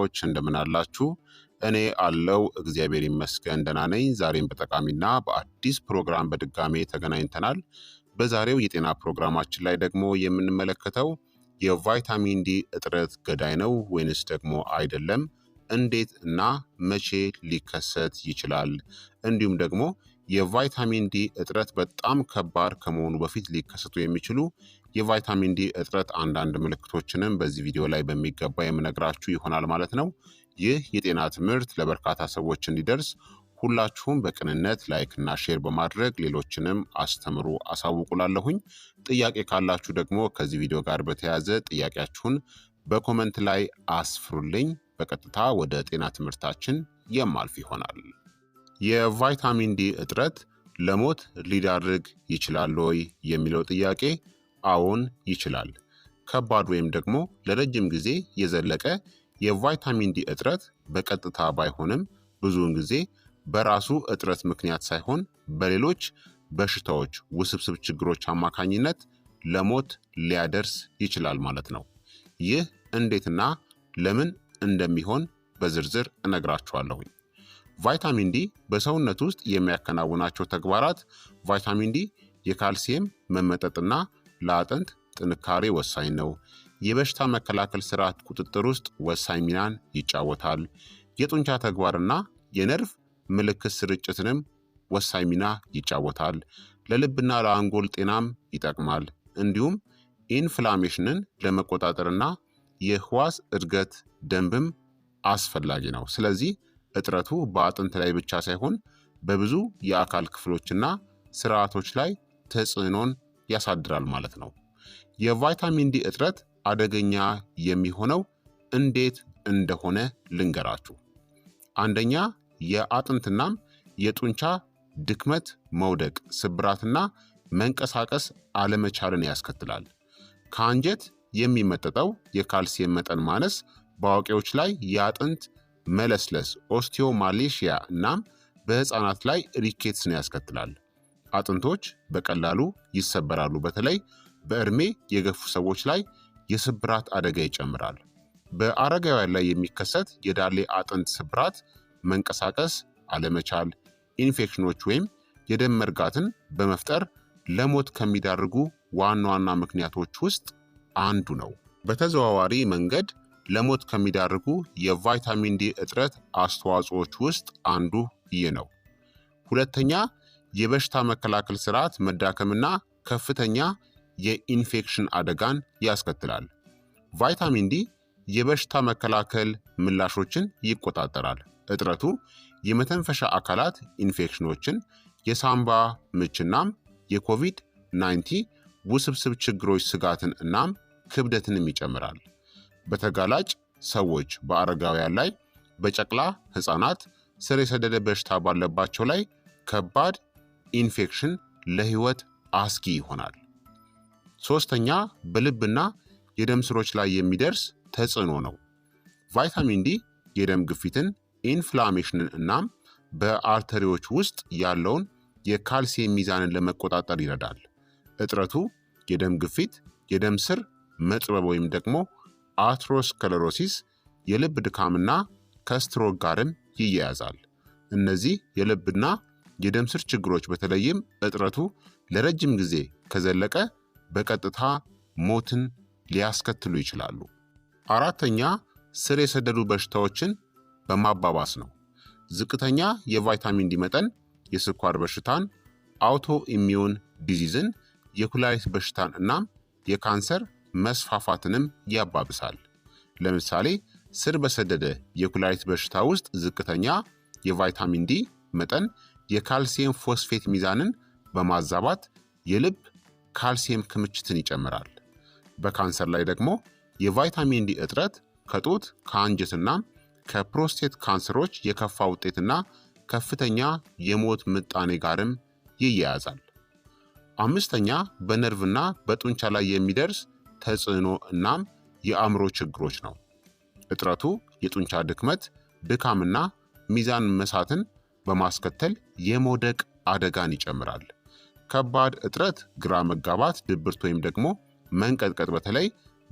ቤተሰቦች እንደምን አላችሁ? እኔ አለው እግዚአብሔር ይመስገን ደህና ነኝ። ዛሬም በጠቃሚና በአዲስ ፕሮግራም በድጋሜ ተገናኝተናል። በዛሬው የጤና ፕሮግራማችን ላይ ደግሞ የምንመለከተው የቫይታሚን ዲ እጥረት ገዳይ ነው ወይንስ ደግሞ አይደለም፣ እንዴት እና መቼ ሊከሰት ይችላል፣ እንዲሁም ደግሞ የቫይታሚን ዲ እጥረት በጣም ከባድ ከመሆኑ በፊት ሊከሰቱ የሚችሉ የቫይታሚን ዲ እጥረት አንዳንድ ምልክቶችንም በዚህ ቪዲዮ ላይ በሚገባ የምነግራችሁ ይሆናል ማለት ነው። ይህ የጤና ትምህርት ለበርካታ ሰዎች እንዲደርስ ሁላችሁም በቅንነት እና ሼር በማድረግ ሌሎችንም አስተምሩ፣ አሳውቁላለሁኝ። ጥያቄ ካላችሁ ደግሞ ከዚህ ቪዲዮ ጋር በተያያዘ ጥያቄያችሁን በኮመንት ላይ አስፍሩልኝ። በቀጥታ ወደ ጤና ትምህርታችን የማልፍ ይሆናል። የቫይታሚን ዲ እጥረት ለሞት ሊዳርግ ይችላል ወይ የሚለው ጥያቄ አዎን ይችላል። ከባድ ወይም ደግሞ ለረጅም ጊዜ የዘለቀ የቫይታሚን ዲ እጥረት በቀጥታ ባይሆንም ብዙውን ጊዜ በራሱ እጥረት ምክንያት ሳይሆን በሌሎች በሽታዎች ውስብስብ ችግሮች አማካኝነት ለሞት ሊያደርስ ይችላል ማለት ነው። ይህ እንዴትና ለምን እንደሚሆን በዝርዝር እነግራችኋለሁኝ። ቫይታሚን ዲ በሰውነት ውስጥ የሚያከናውናቸው ተግባራት ቫይታሚን ዲ የካልሲየም መመጠጥና ለአጥንት ጥንካሬ ወሳኝ ነው። የበሽታ መከላከል ስርዓት ቁጥጥር ውስጥ ወሳኝ ሚናን ይጫወታል። የጡንቻ ተግባርና የነርቭ ምልክት ስርጭትንም ወሳኝ ሚና ይጫወታል። ለልብና ለአንጎል ጤናም ይጠቅማል። እንዲሁም ኢንፍላሜሽንን ለመቆጣጠርና የህዋስ እድገት ደንብም አስፈላጊ ነው። ስለዚህ እጥረቱ በአጥንት ላይ ብቻ ሳይሆን በብዙ የአካል ክፍሎችና ስርዓቶች ላይ ተጽዕኖን ያሳድራል ማለት ነው። የቫይታሚን ዲ እጥረት አደገኛ የሚሆነው እንዴት እንደሆነ ልንገራችሁ። አንደኛ የአጥንትናም የጡንቻ ድክመት፣ መውደቅ፣ ስብራትና መንቀሳቀስ አለመቻልን ያስከትላል። ከአንጀት የሚመጠጠው የካልሲየም መጠን ማነስ በአዋቂዎች ላይ የአጥንት መለስለስ ኦስቲዮማሌሽያ እናም በህፃናት ላይ ሪኬትስን ያስከትላል። አጥንቶች በቀላሉ ይሰበራሉ። በተለይ በእድሜ የገፉ ሰዎች ላይ የስብራት አደጋ ይጨምራል። በአረጋውያን ላይ የሚከሰት የዳሌ አጥንት ስብራት መንቀሳቀስ አለመቻል፣ ኢንፌክሽኖች ወይም የደም መርጋትን በመፍጠር ለሞት ከሚዳርጉ ዋና ዋና ምክንያቶች ውስጥ አንዱ ነው። በተዘዋዋሪ መንገድ ለሞት ከሚዳርጉ የቫይታሚን ዲ እጥረት አስተዋጽኦች ውስጥ አንዱ ይህ ነው። ሁለተኛ የበሽታ መከላከል ስርዓት መዳከምና ከፍተኛ የኢንፌክሽን አደጋን ያስከትላል። ቫይታሚን ዲ የበሽታ መከላከል ምላሾችን ይቆጣጠራል። እጥረቱ የመተንፈሻ አካላት ኢንፌክሽኖችን፣ የሳምባ ምችናም የኮቪድ-19 ውስብስብ ችግሮች ስጋትን እናም ክብደትንም ይጨምራል። በተጋላጭ ሰዎች፣ በአረጋውያን ላይ፣ በጨቅላ ህፃናት፣ ስር የሰደደ በሽታ ባለባቸው ላይ ከባድ ኢንፌክሽን ለህይወት አስጊ ይሆናል። ሶስተኛ በልብና የደም ስሮች ላይ የሚደርስ ተጽዕኖ ነው። ቫይታሚን ዲ የደም ግፊትን፣ ኢንፍላሜሽንን እናም በአርተሪዎች ውስጥ ያለውን የካልሲየም ሚዛንን ለመቆጣጠር ይረዳል። እጥረቱ የደም ግፊት፣ የደም ስር መጥበብ ወይም ደግሞ አትሮስከለሮሲስ፣ የልብ ድካምና ከስትሮክ ጋርም ይያያዛል። እነዚህ የልብና የደም ስር ችግሮች በተለይም እጥረቱ ለረጅም ጊዜ ከዘለቀ በቀጥታ ሞትን ሊያስከትሉ ይችላሉ። አራተኛ ስር የሰደዱ በሽታዎችን በማባባስ ነው። ዝቅተኛ የቫይታሚን ዲ መጠን የስኳር በሽታን፣ አውቶ ኢሚዩን ዲዚዝን፣ የኩላሊት በሽታን እናም የካንሰር መስፋፋትንም ያባብሳል። ለምሳሌ ስር በሰደደ የኩላሊት በሽታ ውስጥ ዝቅተኛ የቫይታሚን ዲ መጠን የካልሲየም ፎስፌት ሚዛንን በማዛባት የልብ ካልሲየም ክምችትን ይጨምራል። በካንሰር ላይ ደግሞ የቫይታሚን ዲ እጥረት ከጡት ከአንጀትና ከፕሮስቴት ካንሰሮች የከፋ ውጤትና ከፍተኛ የሞት ምጣኔ ጋርም ይያያዛል። አምስተኛ በነርቭና በጡንቻ ላይ የሚደርስ ተጽዕኖ እናም የአእምሮ ችግሮች ነው። እጥረቱ የጡንቻ ድክመት፣ ድካምና ሚዛን መሳትን በማስከተል የመውደቅ አደጋን ይጨምራል። ከባድ እጥረት፣ ግራ መጋባት፣ ድብርት ወይም ደግሞ መንቀጥቀጥ በተለይ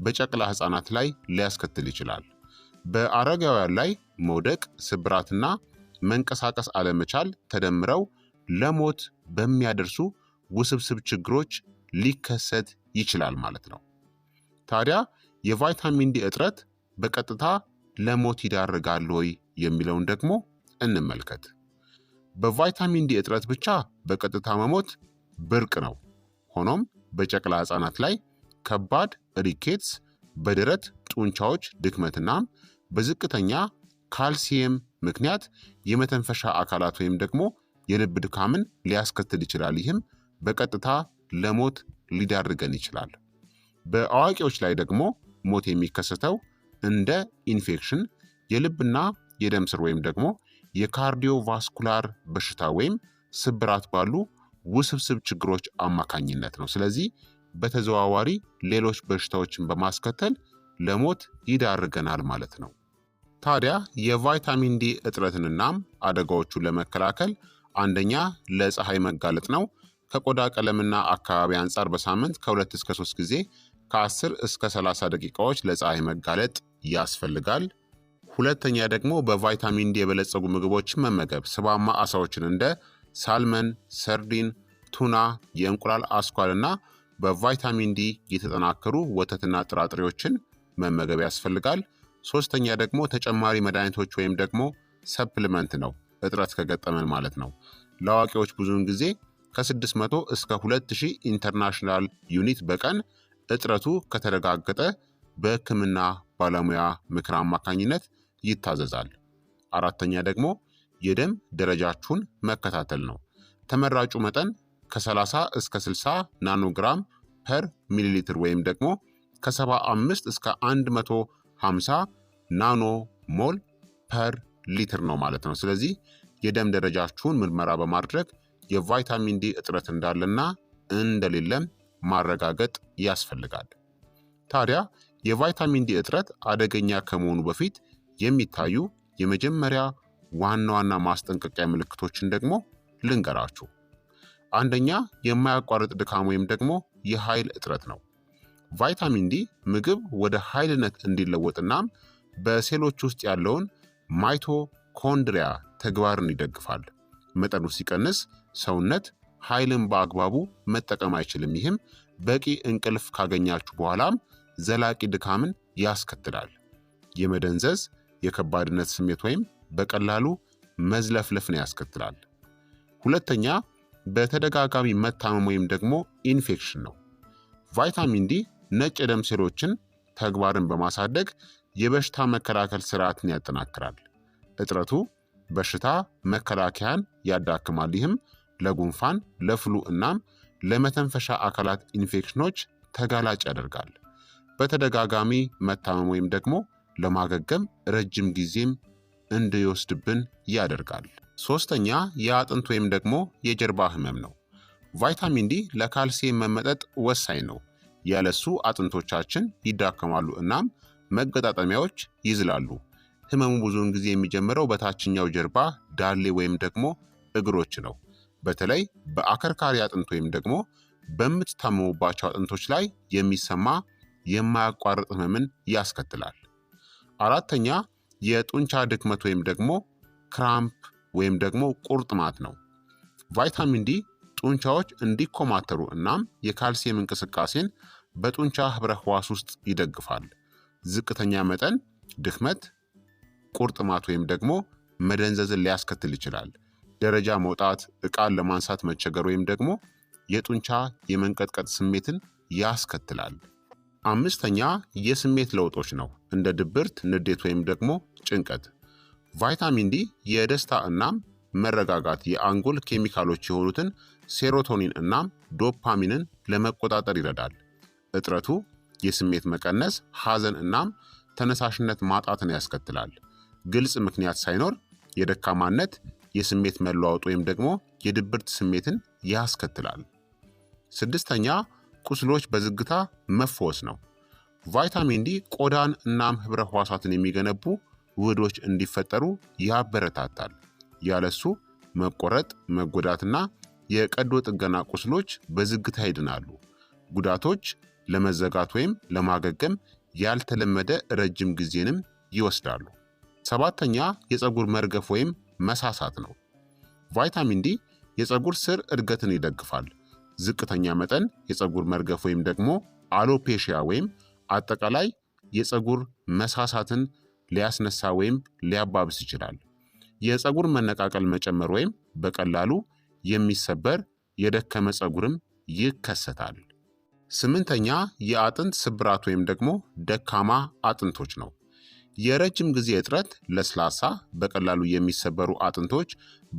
በጨቅላ ህፃናት ላይ ሊያስከትል ይችላል። በአረጋውያን ላይ መውደቅ፣ ስብራትና መንቀሳቀስ አለመቻል ተደምረው ለሞት በሚያደርሱ ውስብስብ ችግሮች ሊከሰት ይችላል ማለት ነው። ታዲያ የቫይታሚን ዲ እጥረት በቀጥታ ለሞት ይዳርጋል ወይ የሚለውን ደግሞ እንመልከት። በቫይታሚን ዲ እጥረት ብቻ በቀጥታ መሞት ብርቅ ነው። ሆኖም በጨቅላ ህጻናት ላይ ከባድ ሪኬትስ፣ በደረት ጡንቻዎች ድክመትና በዝቅተኛ ካልሲየም ምክንያት የመተንፈሻ አካላት ወይም ደግሞ የልብ ድካምን ሊያስከትል ይችላል። ይህም በቀጥታ ለሞት ሊዳርገን ይችላል። በአዋቂዎች ላይ ደግሞ ሞት የሚከሰተው እንደ ኢንፌክሽን፣ የልብና የደም ስር ወይም ደግሞ የካርዲዮቫስኩላር በሽታ ወይም ስብራት ባሉ ውስብስብ ችግሮች አማካኝነት ነው። ስለዚህ በተዘዋዋሪ ሌሎች በሽታዎችን በማስከተል ለሞት ይዳርገናል ማለት ነው። ታዲያ የቫይታሚን ዲ እጥረትንናም አደጋዎቹን ለመከላከል አንደኛ ለፀሐይ መጋለጥ ነው። ከቆዳ ቀለምና አካባቢ አንጻር በሳምንት ከ2 እስከ 3 ጊዜ ከ10 እስከ 30 ደቂቃዎች ለፀሐይ መጋለጥ ያስፈልጋል። ሁለተኛ ደግሞ በቫይታሚን ዲ የበለጸጉ ምግቦችን መመገብ። ስባማ አሳዎችን እንደ ሳልመን፣ ሰርዲን፣ ቱና፣ የእንቁላል አስኳል ና በቫይታሚን ዲ የተጠናከሩ ወተትና ጥራጥሬዎችን መመገብ ያስፈልጋል። ሶስተኛ ደግሞ ተጨማሪ መድኃኒቶች ወይም ደግሞ ሰፕልመንት ነው፣ እጥረት ከገጠመን ማለት ነው። ለአዋቂዎች ብዙውን ጊዜ ከ600 እስከ 2000 ኢንተርናሽናል ዩኒት በቀን እጥረቱ ከተረጋገጠ በሕክምና ባለሙያ ምክር አማካኝነት ይታዘዛል። አራተኛ ደግሞ የደም ደረጃችሁን መከታተል ነው። ተመራጩ መጠን ከ30 እስከ 60 ናኖግራም ፐር ሚሊ ሊትር ወይም ደግሞ ከ75 እስከ 150 ናኖ ሞል ፐር ሊትር ነው ማለት ነው። ስለዚህ የደም ደረጃችሁን ምርመራ በማድረግ የቫይታሚን ዲ እጥረት እንዳለና እንደሌለም ማረጋገጥ ያስፈልጋል። ታዲያ የቫይታሚን ዲ እጥረት አደገኛ ከመሆኑ በፊት የሚታዩ የመጀመሪያ ዋና ዋና ማስጠንቀቂያ ምልክቶችን ደግሞ ልንገራችሁ። አንደኛ የማያቋርጥ ድካም ወይም ደግሞ የኃይል እጥረት ነው። ቫይታሚን ዲ ምግብ ወደ ኃይልነት እንዲለወጥ እናም በሴሎች ውስጥ ያለውን ማይቶኮንድሪያ ተግባርን ይደግፋል። መጠኑ ሲቀንስ ሰውነት ኃይልን በአግባቡ መጠቀም አይችልም። ይህም በቂ እንቅልፍ ካገኛችሁ በኋላም ዘላቂ ድካምን ያስከትላል። የመደንዘዝ የከባድነት ስሜት ወይም በቀላሉ መዝለፍለፍን ያስከትላል። ሁለተኛ በተደጋጋሚ መታመም ወይም ደግሞ ኢንፌክሽን ነው። ቫይታሚን ዲ ነጭ የደም ሴሎችን ተግባርን በማሳደግ የበሽታ መከላከል ስርዓትን ያጠናክራል። እጥረቱ በሽታ መከላከያን ያዳክማል። ይህም ለጉንፋን፣ ለፍሉ እናም ለመተንፈሻ አካላት ኢንፌክሽኖች ተጋላጭ ያደርጋል። በተደጋጋሚ መታመም ወይም ደግሞ ለማገገም ረጅም ጊዜም እንዲወስድብን ያደርጋል። ሶስተኛ የአጥንት ወይም ደግሞ የጀርባ ህመም ነው። ቫይታሚን ዲ ለካልሲየም መመጠጥ ወሳኝ ነው። ያለሱ አጥንቶቻችን ይዳከማሉ እናም መገጣጠሚያዎች ይዝላሉ። ህመሙ ብዙውን ጊዜ የሚጀምረው በታችኛው ጀርባ ዳሌ ወይም ደግሞ እግሮች ነው። በተለይ በአከርካሪ አጥንት ወይም ደግሞ በምትታመሙባቸው አጥንቶች ላይ የሚሰማ የማያቋርጥ ህመምን ያስከትላል። አራተኛ የጡንቻ ድክመት ወይም ደግሞ ክራምፕ ወይም ደግሞ ቁርጥማት ነው። ቫይታሚን ዲ ጡንቻዎች እንዲኮማተሩ እናም የካልሲየም እንቅስቃሴን በጡንቻ ህብረ ህዋስ ውስጥ ይደግፋል። ዝቅተኛ መጠን ድክመት፣ ቁርጥማት ወይም ደግሞ መደንዘዝን ሊያስከትል ይችላል። ደረጃ መውጣት፣ ዕቃን ለማንሳት መቸገር ወይም ደግሞ የጡንቻ የመንቀጥቀጥ ስሜትን ያስከትላል። አምስተኛ የስሜት ለውጦች ነው፣ እንደ ድብርት፣ ንዴት ወይም ደግሞ ጭንቀት። ቫይታሚን ዲ የደስታ እናም መረጋጋት የአንጎል ኬሚካሎች የሆኑትን ሴሮቶኒን እናም ዶፓሚንን ለመቆጣጠር ይረዳል። እጥረቱ የስሜት መቀነስ፣ ሐዘን እናም ተነሳሽነት ማጣትን ያስከትላል። ግልጽ ምክንያት ሳይኖር የደካማነት፣ የስሜት መለዋወጥ ወይም ደግሞ የድብርት ስሜትን ያስከትላል። ስድስተኛ ቁስሎች በዝግታ መፈወስ ነው። ቫይታሚን ዲ ቆዳን እናም ህብረ ህዋሳትን የሚገነቡ ውህዶች እንዲፈጠሩ ያበረታታል። ያለሱ መቆረጥ፣ መጎዳትና የቀዶ ጥገና ቁስሎች በዝግታ ይድናሉ። ጉዳቶች ለመዘጋት ወይም ለማገገም ያልተለመደ ረጅም ጊዜንም ይወስዳሉ። ሰባተኛ የፀጉር መርገፍ ወይም መሳሳት ነው። ቫይታሚን ዲ የፀጉር ስር እድገትን ይደግፋል። ዝቅተኛ መጠን የፀጉር መርገፍ ወይም ደግሞ አሎፔሽያ ወይም አጠቃላይ የፀጉር መሳሳትን ሊያስነሳ ወይም ሊያባብስ ይችላል። የፀጉር መነቃቀል መጨመር ወይም በቀላሉ የሚሰበር የደከመ ፀጉርም ይከሰታል። ስምንተኛ የአጥንት ስብራት ወይም ደግሞ ደካማ አጥንቶች ነው። የረጅም ጊዜ እጥረት ለስላሳ በቀላሉ የሚሰበሩ አጥንቶች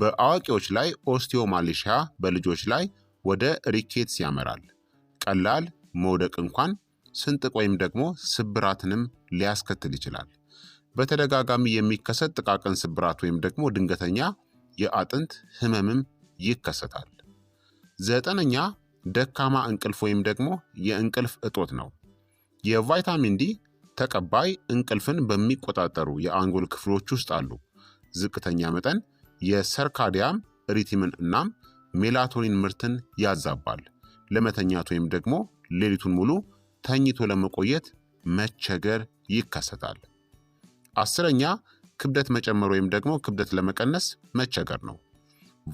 በአዋቂዎች ላይ ኦስቲዮማሌሺያ፣ በልጆች ላይ ወደ ሪኬትስ ያመራል። ቀላል መውደቅ እንኳን ስንጥቅ ወይም ደግሞ ስብራትንም ሊያስከትል ይችላል። በተደጋጋሚ የሚከሰት ጥቃቅን ስብራት ወይም ደግሞ ድንገተኛ የአጥንት ህመምም ይከሰታል። ዘጠነኛ ደካማ እንቅልፍ ወይም ደግሞ የእንቅልፍ እጦት ነው። የቫይታሚን ዲ ተቀባይ እንቅልፍን በሚቆጣጠሩ የአንጎል ክፍሎች ውስጥ አሉ። ዝቅተኛ መጠን የሰርካዲያም ሪቲምን እናም ሜላቶኒን ምርትን ያዛባል። ለመተኛት ወይም ደግሞ ሌሊቱን ሙሉ ተኝቶ ለመቆየት መቸገር ይከሰታል። አስረኛ ክብደት መጨመር ወይም ደግሞ ክብደት ለመቀነስ መቸገር ነው።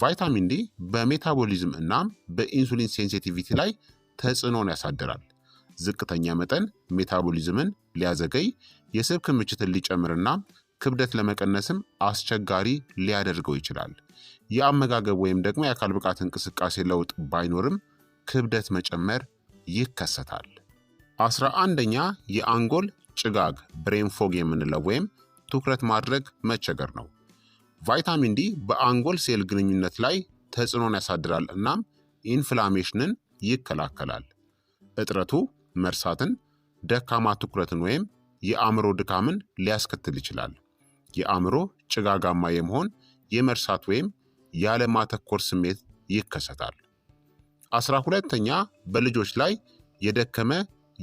ቫይታሚን ዲ በሜታቦሊዝም እናም በኢንሱሊን ሴንሲቲቪቲ ላይ ተጽዕኖን ያሳድራል። ዝቅተኛ መጠን ሜታቦሊዝምን ሊያዘገይ፣ የስብ ክምችትን ሊጨምርና ክብደት ለመቀነስም አስቸጋሪ ሊያደርገው ይችላል። የአመጋገብ ወይም ደግሞ የአካል ብቃት እንቅስቃሴ ለውጥ ባይኖርም ክብደት መጨመር ይከሰታል። አስራ አንደኛ የአንጎል ጭጋግ ብሬን ፎግ የምንለው ወይም ትኩረት ማድረግ መቸገር ነው። ቫይታሚን ዲ በአንጎል ሴል ግንኙነት ላይ ተጽዕኖን ያሳድራል እናም ኢንፍላሜሽንን ይከላከላል። እጥረቱ መርሳትን፣ ደካማ ትኩረትን ወይም የአእምሮ ድካምን ሊያስከትል ይችላል። የአእምሮ ጭጋጋማ የመሆን የመርሳት ወይም ያለማተኮር ስሜት ይከሰታል። አስራ ሁለተኛ በልጆች ላይ የደከመ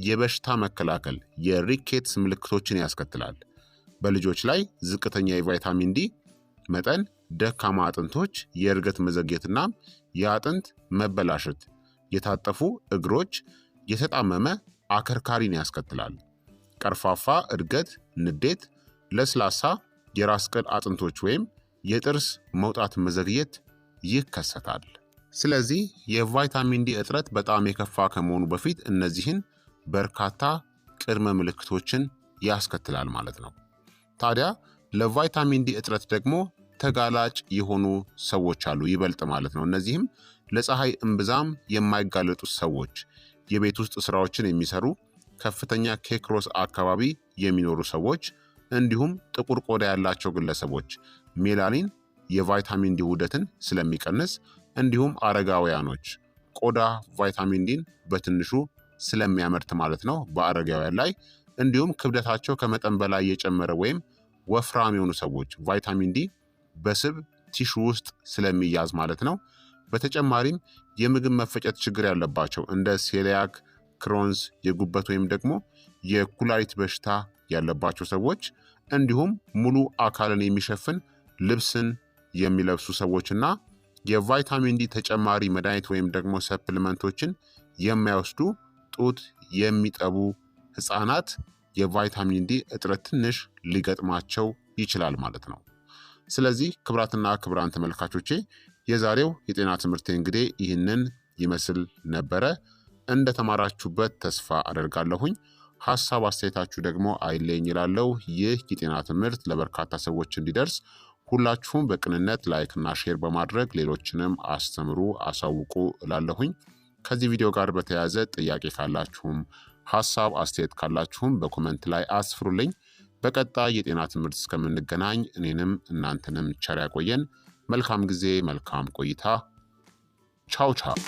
የበሽታ መከላከል የሪኬትስ ምልክቶችን ያስከትላል። በልጆች ላይ ዝቅተኛ የቫይታሚን ዲ መጠን፣ ደካማ አጥንቶች፣ የእድገት መዘግየትና የአጥንት መበላሸት፣ የታጠፉ እግሮች፣ የተጣመመ አከርካሪን ያስከትላል። ቀርፋፋ እድገት፣ ንዴት፣ ለስላሳ የራስ ቅል አጥንቶች ወይም የጥርስ መውጣት መዘግየት ይከሰታል። ስለዚህ የቫይታሚን ዲ እጥረት በጣም የከፋ ከመሆኑ በፊት እነዚህን በርካታ ቅድመ ምልክቶችን ያስከትላል ማለት ነው። ታዲያ ለቫይታሚን ዲ እጥረት ደግሞ ተጋላጭ የሆኑ ሰዎች አሉ ይበልጥ ማለት ነው። እነዚህም ለፀሐይ እምብዛም የማይጋለጡ ሰዎች፣ የቤት ውስጥ ስራዎችን የሚሰሩ ከፍተኛ ኬክሮስ አካባቢ የሚኖሩ ሰዎች እንዲሁም ጥቁር ቆዳ ያላቸው ግለሰቦች ሜላኒን የቫይታሚን ዲ ውህደትን ስለሚቀንስ እንዲሁም አረጋውያኖች ቆዳ ቫይታሚን ዲን በትንሹ ስለሚያመርት ማለት ነው በአረጋውያን ላይ እንዲሁም ክብደታቸው ከመጠን በላይ የጨመረ ወይም ወፍራም የሆኑ ሰዎች ቫይታሚን ዲ በስብ ቲሹ ውስጥ ስለሚያዝ ማለት ነው። በተጨማሪም የምግብ መፈጨት ችግር ያለባቸው እንደ ሴሊያክ ክሮንስ የጉበት ወይም ደግሞ የኩላሊት በሽታ ያለባቸው ሰዎች እንዲሁም ሙሉ አካልን የሚሸፍን ልብስን የሚለብሱ ሰዎችና የቫይታሚን ዲ ተጨማሪ መድኃኒት ወይም ደግሞ ሰፕልመንቶችን የሚያወስዱ ጡት የሚጠቡ ህፃናት የቫይታሚን ዲ እጥረት ትንሽ ሊገጥማቸው ይችላል ማለት ነው። ስለዚህ ክብራትና ክብራን ተመልካቾቼ የዛሬው የጤና ትምህርት እንግዲህ ይህንን ይመስል ነበረ። እንደተማራችሁበት ተስፋ አደርጋለሁኝ። ሀሳብ አስተያየታችሁ ደግሞ አይለኝ ይላለው። ይህ የጤና ትምህርት ለበርካታ ሰዎች እንዲደርስ ሁላችሁም በቅንነት ላይክና ሼር በማድረግ ሌሎችንም አስተምሩ፣ አሳውቁ እላለሁኝ። ከዚህ ቪዲዮ ጋር በተያያዘ ጥያቄ ካላችሁም ሀሳብ አስተያየት ካላችሁም በኮመንት ላይ አስፍሩልኝ። በቀጣይ የጤና ትምህርት እስከምንገናኝ እኔንም እናንተንም ቸር ያቆየን። መልካም ጊዜ፣ መልካም ቆይታ። ቻው ቻው።